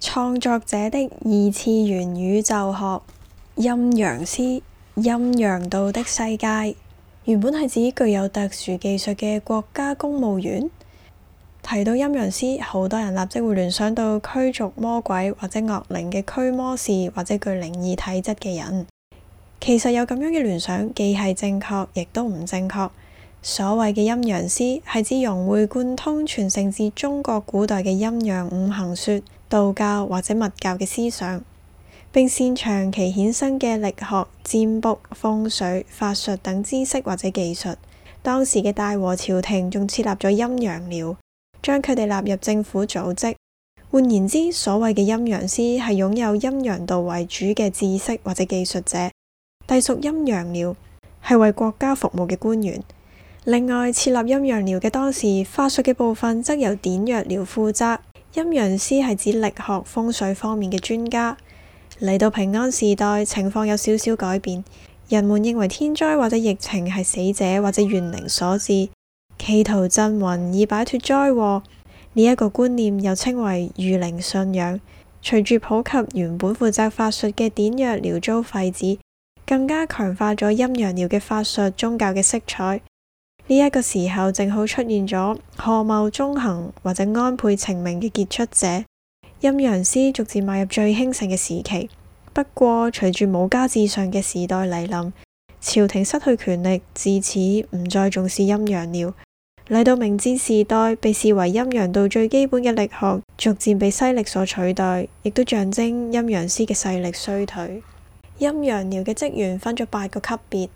創作者的異次元宇宙學，陰陽師、陰陽道的世界原本係指具有特殊技術嘅國家公務員。提到陰陽師，好多人立即會聯想到驅逐魔鬼或者惡靈嘅驅魔士，或者具靈異體質嘅人。其實有咁樣嘅聯想，既係正確，亦都唔正確。所謂嘅陰陽師係指融會貫通傳承至中國古代嘅陰陽五行說。道教或者密教嘅思想，並擅長其衍生嘅曆學、占卜、風水、法術等知識或者技術。當時嘅大和朝廷仲設立咗陰陽寮，將佢哋納入政府組織。換言之，所謂嘅陰陽師係擁有陰陽道為主嘅知識或者技術者，隸屬陰陽寮，係為國家服務嘅官員。另外，設立陰陽寮嘅當時，法術嘅部分則由典藥寮負責。陰陽師係指曆學風水方面嘅專家。嚟到平安時代，情況有少少改變，人們認為天災或者疫情係死者或者怨靈所致，企圖鎮魂以擺脫災禍。呢、這、一個觀念又稱為御靈信仰。隨住普及原本負責法術嘅典藥寮遭廢止，更加強化咗陰陽寮嘅法術宗教嘅色彩。呢一個時候正好出現咗賀茂忠行或者安倍晴明嘅傑出者，陰陽師逐漸邁入最興盛嘅時期。不過，隨住武家至上嘅時代嚟臨，朝廷失去權力，自此唔再重視陰陽了。嚟到明治時代，被視為陰陽道最基本嘅力學，逐漸被西力所取代，亦都象徵陰陽師嘅勢力衰退。陰陽寮嘅職員分咗八個級別，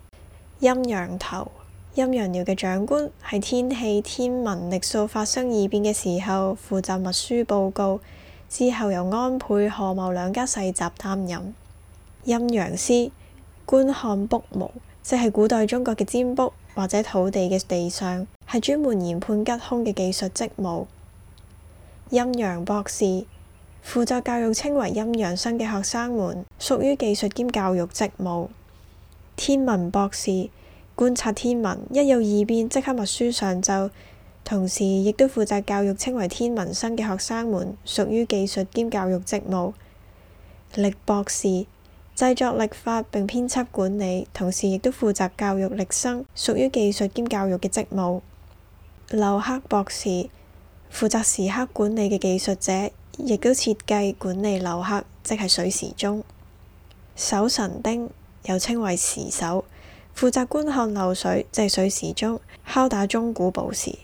陰陽頭。陰陽寮嘅長官係天氣天文曆數發生異變嘅時候，負責密書報告。之後由安倍、賀茂兩家世襲擔任。陰陽師觀看卜模，即係古代中國嘅占卜或者土地嘅地上，係專門研判吉凶嘅技術職務。陰陽博士負責教育稱為陰陽生嘅學生們，屬於技術兼教育職務。天文博士。觀察天文，一有異變即刻密書上奏。同時亦都負責教育稱為天文生嘅學生們，屬於技術兼教育職務。歷博士製作歷法並編輯管理，同時亦都負責教育歷生，屬於技術兼教育嘅職務。漏刻博士負責時刻管理嘅技術者，亦都設計管理漏刻，即係水時鐘。守辰丁又稱為時守。負責觀看漏水、制水時鐘、敲打鐘鼓報時。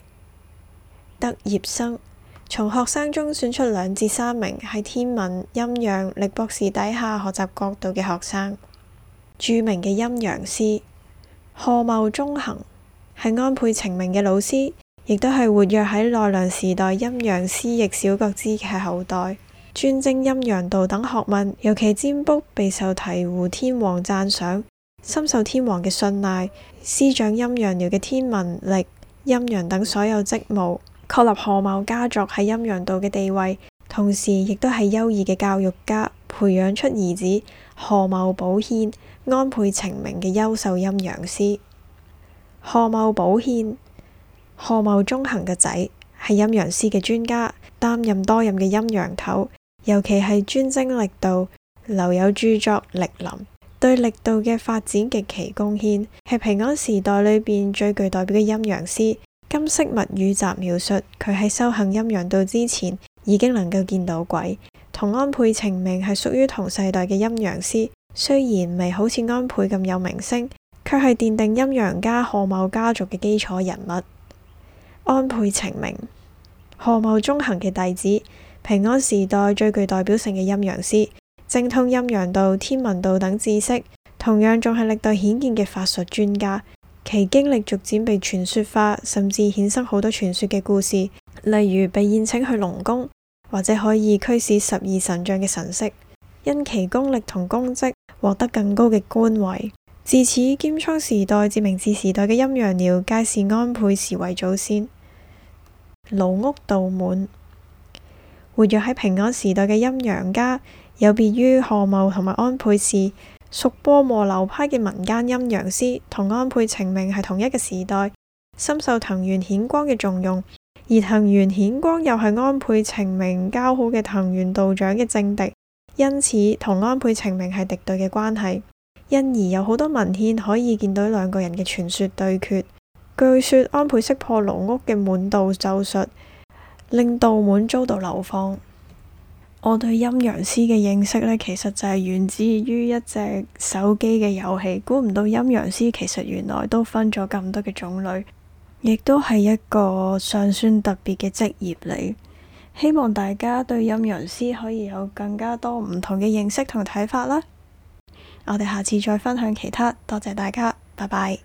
德業生從學生中選出兩至三名，喺天文、陰陽、力博士底下學習角度嘅學生。著名嘅陰陽師賀茂忠行係安倍晴明嘅老師，亦都係活躍喺奈良時代陰陽師役小國角之嘅後代，專精陰陽道等學問，尤其占卜備受醍醐天皇讚賞。深受天皇嘅信賴，司長陰陽寮嘅天文曆陰陽等所有職務，確立賀茂家族喺陰陽道嘅地位，同時亦都係優異嘅教育家，培養出兒子賀茂保憲、安倍晴明嘅優秀陰陽師。賀茂保憲、賀茂忠行嘅仔係陰陽師嘅專家，擔任多任嘅陰陽頭，尤其係專精曆道，留有著作《曆林》。對力度嘅發展極其貢獻，係平安時代裏邊最具代表嘅陰陽師《金色物語》集描述佢喺修行陰陽道之前已經能夠見到鬼。同安倍晴明係屬於同世代嘅陰陽師，雖然未好似安倍咁有名聲，卻係奠定陰陽家賀茂家族嘅基礎人物。安倍晴明，賀茂忠行嘅弟子，平安時代最具代表性嘅陰陽師。精通陰陽道、天文道等知識，同樣仲係歷代顯見嘅法術專家。其經歷逐漸被傳說化，甚至衍生好多傳說嘅故事，例如被宴請去龍宮，或者可以驅使十二神將嘅神識。因其功力同功績，獲得更高嘅官位。自此，鎌倉時代至明治時代嘅陰陽寮皆視安倍時為祖先。蘆屋道滿。活躍喺平安時代嘅陰陽家，有別於賀茂同埋安倍氏，屬波磨流派嘅民間陰陽師，同安倍晴明係同一個時代，深受藤原顯光嘅重用，而藤原顯光又係安倍晴明交好嘅藤原道長嘅政敵，因此同安倍晴明係敵對嘅關係，因而有好多文獻可以見到兩個人嘅傳說對決。據說安倍識破蘆屋嘅滿道咒術。令道門遭到流放。我對陰陽師嘅認識呢，其實就係源自於一隻手機嘅遊戲。估唔到陰陽師其實原來都分咗咁多嘅種類，亦都係一個尚算特別嘅職業嚟。希望大家對陰陽師可以有更加多唔同嘅認識同睇法啦。我哋下次再分享其他，多謝大家，拜拜。